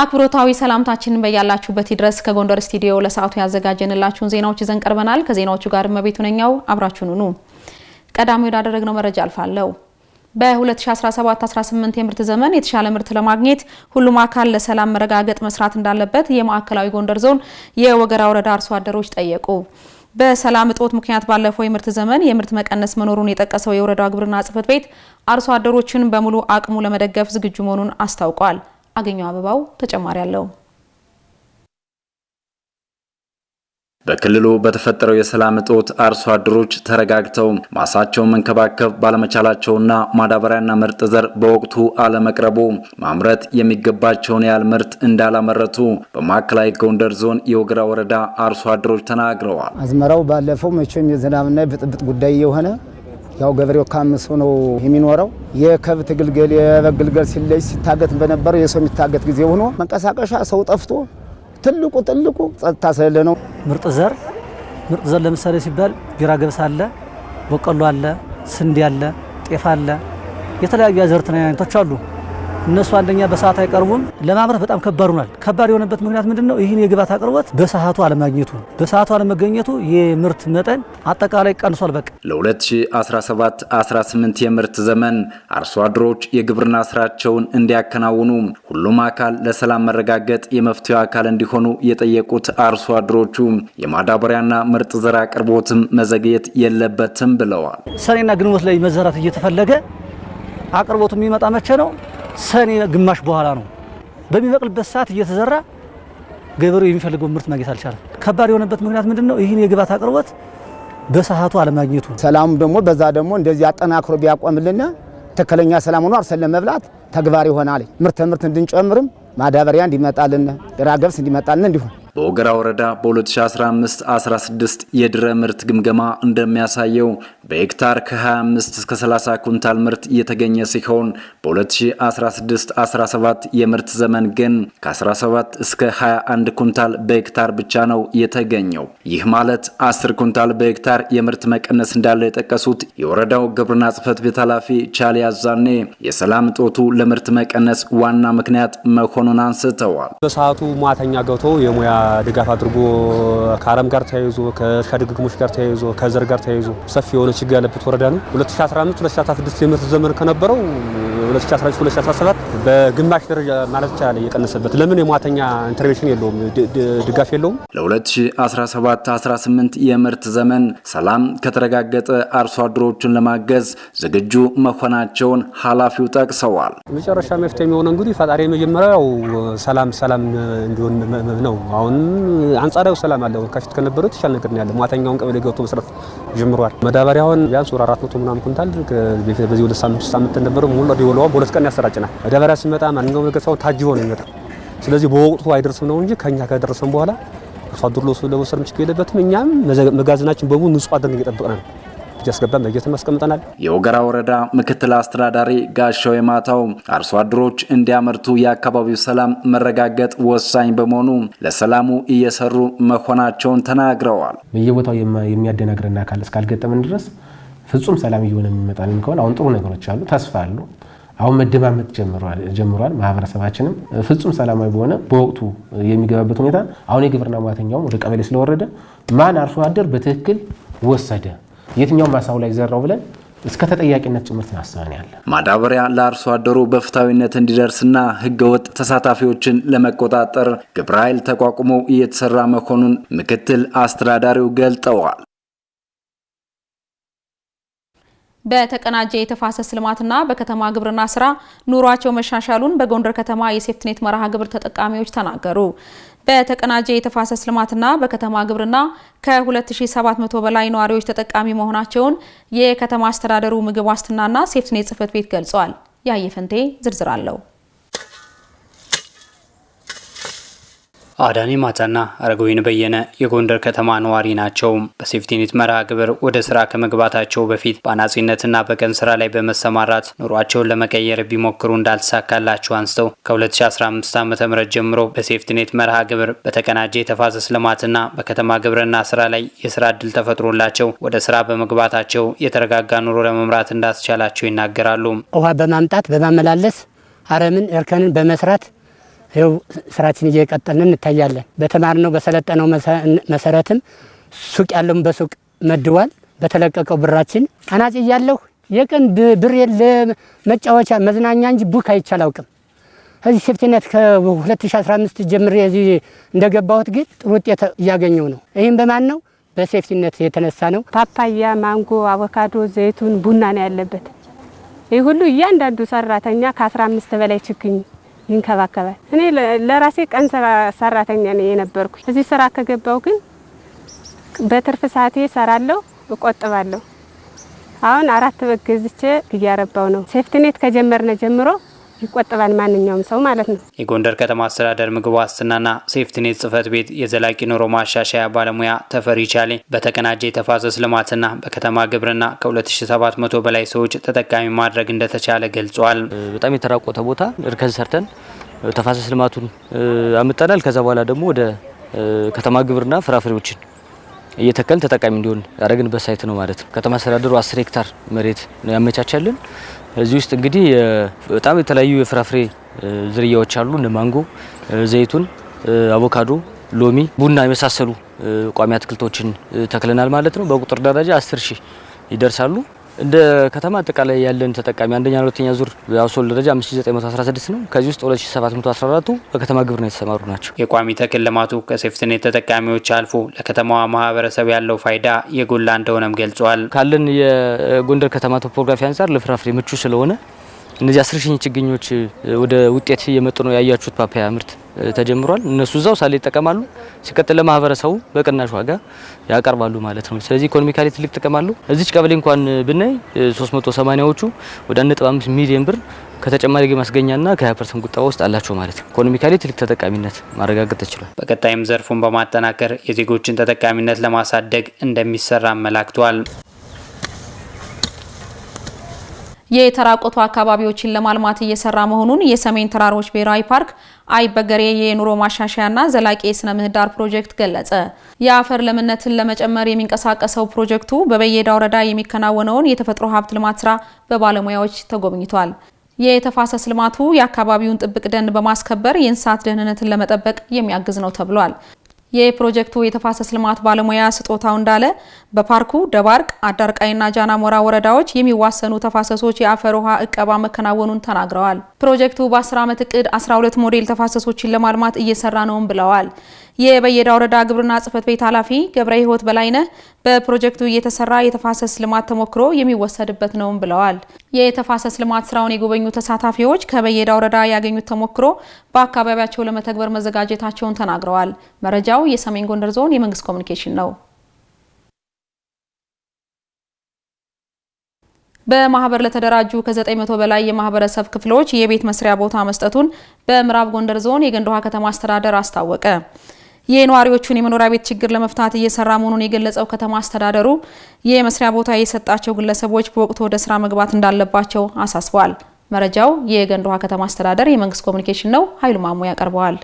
አክብሮታዊ ሰላምታችንን በያላችሁበት ድረስ ከጎንደር ስቱዲዮ ለሰዓቱ ያዘጋጀንላችሁን ዜናዎች ይዘን ቀርበናል። ከዜናዎቹ ጋር መቤቱ ነኛው አብራችሁን ኑ ቀዳሚ ወዳደረግነው መረጃ አልፋለሁ። በ2017-18 የምርት ዘመን የተሻለ ምርት ለማግኘት ሁሉም አካል ለሰላም መረጋገጥ መስራት እንዳለበት የማዕከላዊ ጎንደር ዞን የወገራ ወረዳ አርሶ አደሮች ጠየቁ። በሰላም እጦት ምክንያት ባለፈው የምርት ዘመን የምርት መቀነስ መኖሩን የጠቀሰው የወረዳ ግብርና ጽሕፈት ቤት አርሶ አደሮችን በሙሉ አቅሙ ለመደገፍ ዝግጁ መሆኑን አስታውቋል። አገኘው አበባው ተጨማሪ አለው። በክልሉ በተፈጠረው የሰላም እጦት አርሶ አደሮች ተረጋግተው ማሳቸውን መንከባከብ ባለመቻላቸውና ማዳበሪያና ምርጥ ዘር በወቅቱ አለመቅረቡ ማምረት የሚገባቸውን ያህል ምርት እንዳላመረቱ በማዕከላዊ ጎንደር ዞን የወግራ ወረዳ አርሶ አደሮች ተናግረዋል። አዝመራው ባለፈው መቼም የዝናብና የብጥብጥ ጉዳይ የሆነ ያው ገበሬው ካምስ ነው የሚኖረው የከብት ግልገል የበግ ግልገል ሲለይ ሲታገት በነበረው የሰው የሚታገት ጊዜ ሆኖ መንቀሳቀሻ ሰው ጠፍቶ ትልቁ ትልቁ ጸጥታ ስለሌለ ነው። ምርጥ ዘር ምርጥ ዘር ለምሳሌ ሲባል ቢራ ገብስ አለ፣ በቆሎ አለ፣ ስንዴ አለ፣ ጤፍ አለ፣ የተለያዩ አዝርዕት አይነቶች አሉ። እነሱ አንደኛ በሰዓት አይቀርቡም። ለማምረት በጣም ከባድ ሆኗል። ከባድ የሆነበት ምክንያት ምንድን ነው? ይህን የግብዓት አቅርቦት በሰዓቱ አለማግኘቱ በሰዓቱ አለመገኘቱ የምርት መጠን አጠቃላይ ቀንሷል። በቃ ለ2017/18 የምርት ዘመን አርሶ አደሮች የግብርና ስራቸውን እንዲያከናውኑ ሁሉም አካል ለሰላም መረጋገጥ የመፍትሄ አካል እንዲሆኑ የጠየቁት አርሶ አደሮቹ የማዳበሪያና ምርጥ ዘር አቅርቦትም መዘግየት የለበትም ብለዋል። ሰኔና ግንቦት ላይ መዘራት እየተፈለገ አቅርቦቱ የሚመጣ መቼ ነው? ሰኔ ግማሽ በኋላ ነው። በሚበቅልበት ሰዓት እየተዘራ ገበሬው የሚፈልገውን ምርት ማግኘት አልቻለም። ከባድ የሆነበት ምክንያት ምንድን ነው? ይህን የግባት አቅርቦት በሰዓቱ አለማግኘቱ። ሰላሙ ደግሞ በዛ ደግሞ እንደዚህ አጠናክሮ ቢያቆምልና ትክክለኛ ሰላም ሆኖ አርሰን ለመብላት ተግባር ይሆናል። ምርት ምርት እንድንጨምርም ማዳበሪያ እንዲመጣልን፣ ጥራገብስ እንዲመጣልን እንዲሆን በወገራ ወረዳ በ2015 16 የድረ ምርት ግምገማ እንደሚያሳየው በሄክታር ከ25 እስከ 30 ኩንታል ምርት እየተገኘ ሲሆን በ2016 17 የምርት ዘመን ግን ከ17 እስከ 21 ኩንታል በሄክታር ብቻ ነው የተገኘው። ይህ ማለት 10 ኩንታል በሄክታር የምርት መቀነስ እንዳለ የጠቀሱት የወረዳው ግብርና ጽሕፈት ቤት ኃላፊ ቻሊ አዛኔ የሰላም እጦቱ ለምርት መቀነስ ዋና ምክንያት መሆኑን አንስተዋል። በሰዓቱ ማተኛ ገብቶ የሙያ ድጋፍ አድርጎ ከአረም ጋር ተያይዞ ከእርሻ ጋር ተያይዞ ከዘር ጋር ተያይዞ ሰፊ የሆነ ችግር ያለበት ወረዳ ነው። 2015 2016 የምርት ዘመን ከነበረው 2017 በግማሽ ደረጃ ማለት ይቻላል እየቀነሰበት። ለምን የሟተኛ ኢንተርቬንሽን የለውም፣ ድጋፍ የለውም። ለ2017-18 የምርት ዘመን ሰላም ከተረጋገጠ አርሶ አደሮቹን ለማገዝ ዝግጁ መሆናቸውን ኃላፊው ጠቅሰዋል። መጨረሻ መፍትሄ የሚሆነው እንግዲህ ፈጣሪ የመጀመሪያው ሰላም ሰላም እንዲሆን ነው። አሁን አንጻራዊ ሰላም አለ። ከፊት ከነበረው የተሻለ ነገር ያለ ሟተኛውን ቀበሌ ገብቶ መስራት ጀምሯል። መዳበሪያውን ቢያንስ ወደ አራት መቶ ምናምን ኩንታል በዚህ ወደ ሳምንት ሳምንት ነበረ ሙሉ እንደውም በሁለት ቀን ያሰራጭናል። ደበራ ሲመጣ ማንኛውም ነገር ሰው ታጅቦ ነው የሚመጣ። ስለዚህ በወቅቱ አይደርስም ነው እንጂ ከኛ ከደረሰም በኋላ አርሶ አደሩ ለመውሰድ ችግር የለበትም። እኛም መጋዘናችን በቡ ንጹህ አድርገን እየጠበቅን እያስገባን በጀትም አስቀምጠናል። የወገራ ወረዳ ምክትል አስተዳዳሪ ጋሻው የማታው አርሶ አደሮች እንዲያመርቱ የአካባቢው ሰላም መረጋገጥ ወሳኝ በመሆኑ ለሰላሙ እየሰሩ መሆናቸውን ተናግረዋል። በየቦታው የሚያደናግረን አካል እስካልገጠምን ድረስ ፍጹም ሰላም እየሆነ የሚመጣልን ከሆነ አሁን ጥሩ ነገሮች አሉ፣ ተስፋ አሉ። አሁን መደማመጥ ጀምሯል። ማህበረሰባችንም ፍጹም ሰላማዊ በሆነ በወቅቱ የሚገባበት ሁኔታ አሁን የግብርና ሟተኛውም ወደ ቀበሌ ስለወረደ ማን አርሶ አደር በትክክል ወሰደ የትኛው ማሳው ላይ ዘራው ብለን እስከ ተጠያቂነት ጭምርት ትናስበን ያለ ማዳበሪያ ለአርሶ አደሩ በፍታዊነት እንዲደርስና ህገወጥ ተሳታፊዎችን ለመቆጣጠር ግብረ ኃይል ተቋቁሞ እየተሰራ መሆኑን ምክትል አስተዳዳሪው ገልጠዋል። በተቀናጀ የተፋሰስ ልማትና በከተማ ግብርና ስራ ኑሯቸው መሻሻሉን በጎንደር ከተማ የሴፍትኔት መርሃ ግብር ተጠቃሚዎች ተናገሩ። በተቀናጀ የተፋሰስ ልማትና በከተማ ግብርና ከ2700 በላይ ነዋሪዎች ተጠቃሚ መሆናቸውን የከተማ አስተዳደሩ ምግብ ዋስትናና ሴፍትኔት ጽህፈት ቤት ገልጿል። ያየፈንቴ ዝርዝር አለው። አዳኔ ማቻና አረጋዊን በየነ የጎንደር ከተማ ነዋሪ ናቸው። በሴፍቲኔት መርሃ ግብር ወደ ስራ ከመግባታቸው በፊት በአናጺነትና በቀን ስራ ላይ በመሰማራት ኑሯቸውን ለመቀየር ቢሞክሩ እንዳልተሳካላቸው አንስተው ከ2015 ዓ ም ጀምሮ በሴፍቲኔት መርሃ ግብር በተቀናጀ የተፋሰስ ልማትና በከተማ ግብርና ስራ ላይ የስራ እድል ተፈጥሮላቸው ወደ ስራ በመግባታቸው የተረጋጋ ኑሮ ለመምራት እንዳስቻላቸው ይናገራሉ። ውሃ በማምጣት በማመላለስ አረምን እርከንን በመስራት ይኸው ስራችን እየቀጠልን እንታያለን። በተማርነው በሰለጠነው መሰረትም ሱቅ ያለውን በሱቅ መድቧል። በተለቀቀው ብራችን አናጺ እያለሁ የቀን ብር ለመጫወቻ መዝናኛ እንጂ ቡክ አይቻል አውቅም። እዚህ ሴፍቲነት ከ2015 ጀምሬ እዚህ እንደገባሁት ግን ጥሩ ውጤት እያገኘው ነው። ይህም በማን ነው? በሴፍቲነት የተነሳ ነው። ፓፓያ፣ ማንጎ፣ አቮካዶ፣ ዘይቱን፣ ቡና ነው ያለበት። ይህ ሁሉ እያንዳንዱ ሰራተኛ ከ15 በላይ ችግኝ ይንከባከባል። እኔ ለራሴ ቀን ሰራተኛ ነው የነበርኩ እዚህ ስራ ከገባው ግን በትርፍ ሰዓቴ ሰራለሁ፣ እቆጥባለሁ። አሁን አራት በግ ዝቼ እያረባው ነው። ሴፍትኔት ከጀመርነ ጀምሮ ይቆጥባል ማንኛውም ሰው ማለት ነው። የጎንደር ከተማ አስተዳደር ምግብ ዋስትናና ሴፍትኔት ጽህፈት ቤት የዘላቂ ኑሮ ማሻሻያ ባለሙያ ተፈሪ ቻሌ በተቀናጀ የተፋሰስ ልማትና በከተማ ግብርና ከ2700 በላይ ሰዎች ተጠቃሚ ማድረግ እንደተቻለ ገልጿል። በጣም የተራቆተ ቦታ እርከን ሰርተን ተፋሰስ ልማቱን አምጠናል። ከዛ በኋላ ደግሞ ወደ ከተማ ግብርና ፍራፍሬዎችን እየተከልን ተጠቃሚ እንዲሆን ያደረግን በሳይት ነው ማለት ነው። ከተማ አስተዳደሩ አስር ሄክታር መሬት ያመቻቻልን እዚህ ውስጥ እንግዲህ በጣም የተለያዩ የፍራፍሬ ዝርያዎች አሉ። እንደ ማንጎ፣ ዘይቱን፣ አቮካዶ፣ ሎሚ፣ ቡና የመሳሰሉ ቋሚ አትክልቶችን ተክለናል ማለት ነው። በቁጥር ደረጃ አስር ሺህ ይደርሳሉ። እንደ ከተማ አጠቃላይ ያለን ተጠቃሚ አንደኛ ሁለተኛ ዙር በአውሶል ደረጃ 5916 ነው። ከዚህ ውስጥ 2714ቱ በከተማ ነው የተሰማሩ ናቸው። የቋሚ ተክል ልማቱ ከሴፍትኔት ተጠቃሚዎች አልፎ ለከተማዋ ማህበረሰብ ያለው ፋይዳ የጎላ እንደሆነም ገልጿል። ካለን የጎንደር ከተማ ቶፖግራፊ አንጻር ለፍራፍሬ ምቹ ስለሆነ እነዚህ አስር ችግኞች ወደ ውጤት እየመጡ ነው። ያያችሁት ፓፓያ ምርት ተጀምሯል። እነሱ እዛው ሳለ ይጠቀማሉ። ሲቀጥል ለማህበረሰቡ በቅናሽ ዋጋ ያቀርባሉ ማለት ነው። ስለዚህ ኢኮኖሚካሊ ትልቅ ጥቅም አለው። እዚች ቀበሌ እንኳን ብናይ 380ዎቹ ወደ 1.5 ሚሊዮን ብር ከተጨማሪ ገቢ ማስገኛና ከ20% ቁጠባ ውስጥ አላቸው ማለት ነው። ኢኮኖሚካሊ ትልቅ ተጠቃሚነት ማረጋገጥ ተችሏል። በቀጣይም ዘርፉን በማጠናከር የዜጎችን ተጠቃሚነት ለማሳደግ እንደሚሰራ አመላክቷል። የተራቆቱ አካባቢዎችን ለማልማት እየሰራ መሆኑን የሰሜን ተራሮች ብሔራዊ ፓርክ አይበገሬ የኑሮ ማሻሻያና ዘላቂ የስነ ምህዳር ፕሮጀክት ገለጸ። የአፈር ለምነትን ለመጨመር የሚንቀሳቀሰው ፕሮጀክቱ በበየዳ ወረዳ የሚከናወነውን የተፈጥሮ ሀብት ልማት ስራ በባለሙያዎች ተጎብኝቷል። የተፋሰስ ልማቱ የአካባቢውን ጥብቅ ደን በማስከበር የእንስሳት ደህንነትን ለመጠበቅ የሚያግዝ ነው ተብሏል። የፕሮጀክቱ የተፋሰስ ልማት ባለሙያ ስጦታው እንዳለ በፓርኩ ደባርቅ፣ አዳርቃይና ጃና ሞራ ወረዳዎች የሚዋሰኑ ተፋሰሶች የአፈር ውሃ እቀባ መከናወኑን ተናግረዋል። ፕሮጀክቱ በ10 ዓመት እቅድ 12 ሞዴል ተፋሰሶችን ለማልማት እየሰራ ነውም ብለዋል። የበየዳ ወረዳ ግብርና ጽህፈት ቤት ኃላፊ ገብረ ሕይወት በላይነህ በፕሮጀክቱ እየተሰራ የተፋሰስ ልማት ተሞክሮ የሚወሰድበት ነውም ብለዋል። የተፋሰስ ልማት ስራውን የጎበኙ ተሳታፊዎች ከበየዳ ወረዳ ያገኙት ተሞክሮ በአካባቢያቸው ለመተግበር መዘጋጀታቸውን ተናግረዋል። መረጃው የሰሜን ጎንደር ዞን የመንግስት ኮሚኒኬሽን ነው። በማህበር ለተደራጁ ከ900 በላይ የማህበረሰብ ክፍሎች የቤት መስሪያ ቦታ መስጠቱን በምዕራብ ጎንደር ዞን የገንደ ውሃ ከተማ አስተዳደር አስታወቀ። የነዋሪዎቹን የመኖሪያ ቤት ችግር ለመፍታት እየሰራ መሆኑን የገለጸው ከተማ አስተዳደሩ የመስሪያ ቦታ የሰጣቸው ግለሰቦች በወቅቱ ወደ ስራ መግባት እንዳለባቸው አሳስበዋል። መረጃው የገንደ ውሃ ከተማ አስተዳደር የመንግስት ኮሚኒኬሽን ነው። ኃይሉ ማሙ ያቀርበዋል።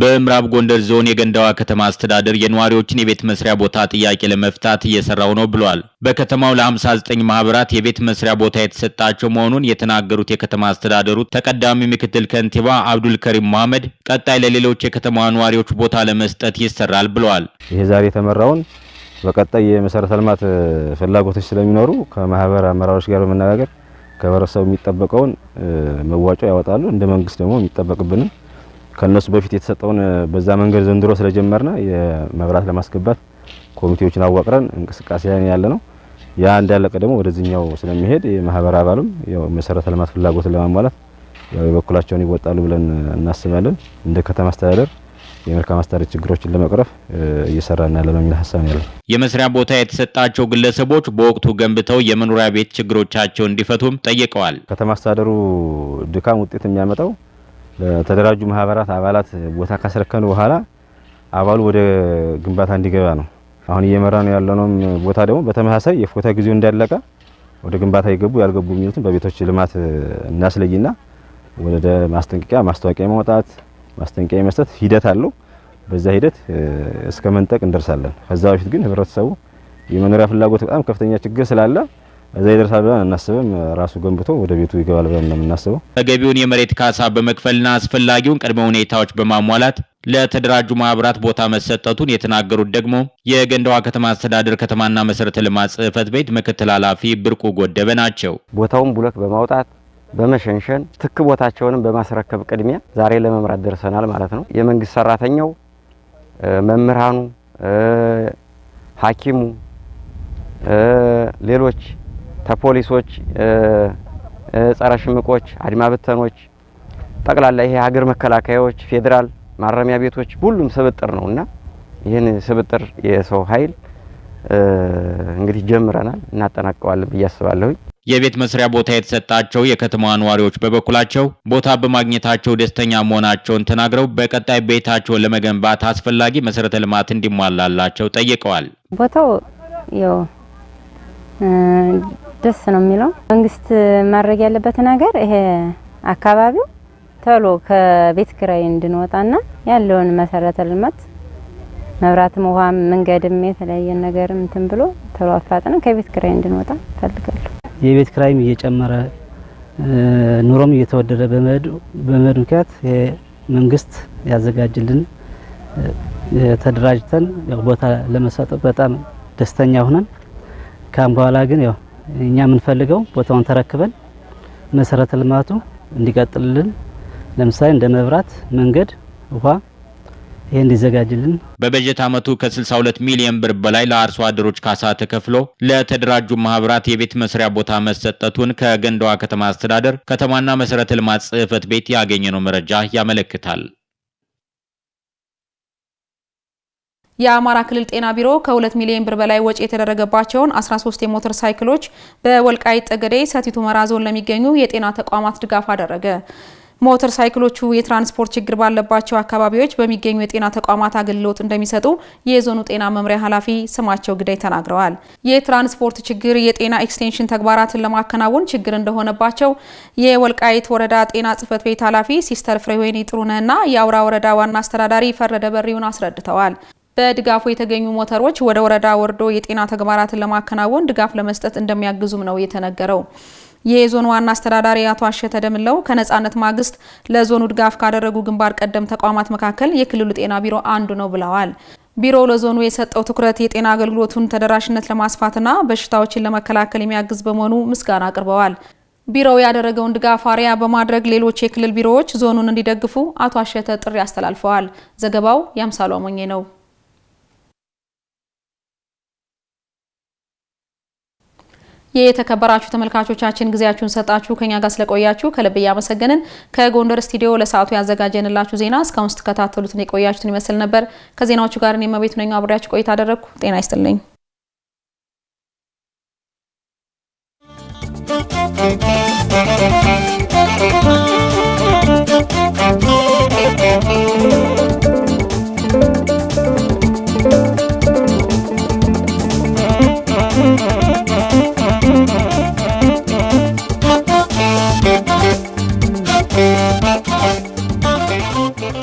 በምዕራብ ጎንደር ዞን የገንዳዋ ከተማ አስተዳደር የነዋሪዎችን የቤት መስሪያ ቦታ ጥያቄ ለመፍታት እየሰራው ነው ብሏል። በከተማው ለ59 ማህበራት የቤት መስሪያ ቦታ የተሰጣቸው መሆኑን የተናገሩት የከተማ አስተዳደሩ ተቀዳሚ ምክትል ከንቲባ አብዱልከሪም መሐመድ ቀጣይ ለሌሎች የከተማዋ ነዋሪዎች ቦታ ለመስጠት ይሰራል ብለዋል። ይሄ ዛሬ የተመራውን በቀጣይ የመሰረተ ልማት ፍላጎቶች ስለሚኖሩ ከማህበር አመራሮች ጋር በመነጋገር ከህብረተሰቡ የሚጠበቀውን መዋጮ ያወጣሉ። እንደ መንግስት ደግሞ የሚጠበቅብንም ከነሱ በፊት የተሰጠውን በዛ መንገድ ዘንድሮ ስለጀመርነ የመብራት ለማስገባት ኮሚቴዎችን አዋቅረን እንቅስቃሴ ያለ ነው። ያ እንዳለቀ ደግሞ ወደዚህኛው ስለሚሄድ የማህበር አባሉም ያው መሰረተ ልማት ፍላጎትን ለማሟላት ያው የበኩላቸውን ይወጣሉ ብለን እናስባለን። እንደ ከተማ አስተዳደር የመልካም አስተዳደር ችግሮችን ለመቅረፍ እየሰራ እና ለመሚል ሀሳብ ያለ የመስሪያ ቦታ የተሰጣቸው ግለሰቦች በወቅቱ ገንብተው የመኖሪያ ቤት ችግሮቻቸው እንዲፈቱም ጠይቀዋል። ከተማ አስተዳደሩ ድካም ውጤት የሚያመጣው ለተደራጁ ማህበራት አባላት ቦታ ካስረከኑ በኋላ አባሉ ወደ ግንባታ እንዲገባ ነው አሁን እየመራ ነው ያለነውም ቦታ ደግሞ በተመሳሳይ የፎታ ጊዜው እንዳለቀ ወደ ግንባታ የገቡ ያልገቡ የሚሉትን በቤቶች ልማት እናስለይና ወደ ማስጠንቀቂያ ማስታወቂያ መውጣት ማስጠንቀቂያ የመስጠት ሂደት አለው። በዛ ሂደት እስከ መንጠቅ እንደርሳለን። ከዛ በፊት ግን ህብረተሰቡ የመኖሪያ ፍላጎት በጣም ከፍተኛ ችግር ስላለ እዛ ይደርሳል ብለን አናስብም። ራሱ ገንብቶ ወደ ቤቱ ይገባል ብለን ነው የምናስበው። ተገቢውን የመሬት ካሳ በመክፈልና አስፈላጊውን ቅድመ ሁኔታዎች በማሟላት ለተደራጁ ማህበራት ቦታ መሰጠቱን የተናገሩት ደግሞ የገንዳዋ ከተማ አስተዳደር ከተማና መሰረተ ልማት ጽህፈት ቤት ምክትል ኃላፊ ብርቁ ጎደበ ናቸው። ቦታውን ቡለክ በማውጣት በመሸንሸን ትክ ቦታቸውንም በማስረከብ ቅድሚያ ዛሬ ለመምራት ደርሰናል ማለት ነው። የመንግስት ሰራተኛው፣ መምህራኑ፣ ሐኪሙ ሌሎች ተፖሊሶች፣ ጸረ ሽምቆች፣ አድማ ብተኖች ጠቅላላ ይሄ ሀገር መከላከያዎች፣ ፌዴራል ማረሚያ ቤቶች ሁሉም ስብጥር ነው እና ይህን ስብጥር የሰው ኃይል እንግዲህ ጀምረናል፣ እናጠናቀዋለን ብዬ አስባለሁኝ። የቤት መስሪያ ቦታ የተሰጣቸው የከተማዋ ነዋሪዎች በበኩላቸው ቦታ በማግኘታቸው ደስተኛ መሆናቸውን ተናግረው በቀጣይ ቤታቸውን ለመገንባት አስፈላጊ መሰረተ ልማት እንዲሟላላቸው ጠይቀዋል። ቦታው ደስ ነው የሚለው። መንግስት ማድረግ ያለበት ነገር ይሄ አካባቢው ቶሎ ከቤት ክራይ እንድንወጣና ያለውን መሰረተ ልማት መብራትም፣ ውሃም፣ መንገድም የተለያየ ነገርም እንትን ብሎ ቶሎ አፋጥነን ከቤት ክራይ እንድንወጣ እፈልጋለሁ። የቤት ክራይም እየጨመረ ኑሮም እየተወደደ በመሄዱ ምክንያት መንግስት ያዘጋጅልን ተደራጅተን ቦታ ለመሰጠት በጣም ደስተኛ ሆነን ካም በኋላ ግን ያው እኛ የምንፈልገው ቦታውን ተረክበን መሰረተ ልማቱ እንዲቀጥልልን ለምሳሌ እንደ መብራት፣ መንገድ፣ ውሃ ይሄ እንዲዘጋጅልን በበጀት ዓመቱ ከ62 ሚሊዮን ብር በላይ ለአርሶ አደሮች ካሳ ተከፍሎ ለተደራጁ ማህበራት የቤት መስሪያ ቦታ መሰጠቱን ከገንዳዋ ከተማ አስተዳደር ከተማና መሰረተ ልማት ጽህፈት ቤት ያገኘነው መረጃ ያመለክታል። የአማራ ክልል ጤና ቢሮ ከ2 ሚሊዮን ብር በላይ ወጪ የተደረገባቸውን 13 የሞተር ሳይክሎች በወልቃይት ጠገዴ፣ ሰቲት ሁመራ ዞን ለሚገኙ የጤና ተቋማት ድጋፍ አደረገ። ሞተር ሳይክሎቹ የትራንስፖርት ችግር ባለባቸው አካባቢዎች በሚገኙ የጤና ተቋማት አገልግሎት እንደሚሰጡ የዞኑ ጤና መምሪያ ኃላፊ ስማቸው ግዳይ ተናግረዋል። የትራንስፖርት ችግር የጤና ኤክስቴንሽን ተግባራትን ለማከናወን ችግር እንደሆነባቸው የወልቃይት ወረዳ ጤና ጽሕፈት ቤት ኃላፊ ሲስተር ፍሬወይኒ ጥሩነህና የአውራ ወረዳ ዋና አስተዳዳሪ ፈረደ በሪውን አስረድተዋል። በድጋፉ የተገኙ ሞተሮች ወደ ወረዳ ወርዶ የጤና ተግባራትን ለማከናወን ድጋፍ ለመስጠት እንደሚያግዙም ነው የተነገረው። የዞን ዋና አስተዳዳሪ አቶ አሸተ ደምለው ከነጻነት ማግስት ለዞኑ ድጋፍ ካደረጉ ግንባር ቀደም ተቋማት መካከል የክልሉ ጤና ቢሮ አንዱ ነው ብለዋል። ቢሮው ለዞኑ የሰጠው ትኩረት የጤና አገልግሎቱን ተደራሽነት ለማስፋትና በሽታዎችን ለመከላከል የሚያግዝ በመሆኑ ምስጋና አቅርበዋል። ቢሮው ያደረገውን ድጋፍ አርአያ በማድረግ ሌሎች የክልል ቢሮዎች ዞኑን እንዲደግፉ አቶ አሸተ ጥሪ አስተላልፈዋል። ዘገባው ያምሳሉ አሞኜ ነው። የተከበራችሁ ተመልካቾቻችን ጊዜያችሁን ሰጣችሁ ከኛ ጋር ስለቆያችሁ ከልብ እያመሰገንን ከጎንደር ስቱዲዮ ለሰዓቱ ያዘጋጀንላችሁ ዜና እስካሁን ስትከታተሉትን የቆያችሁትን ይመስል ነበር። ከዜናዎቹ ጋር እኔ እመቤቱ ነኝ አብሬያችሁ ቆይታ አደረግኩ። ጤና ይስጥልኝ።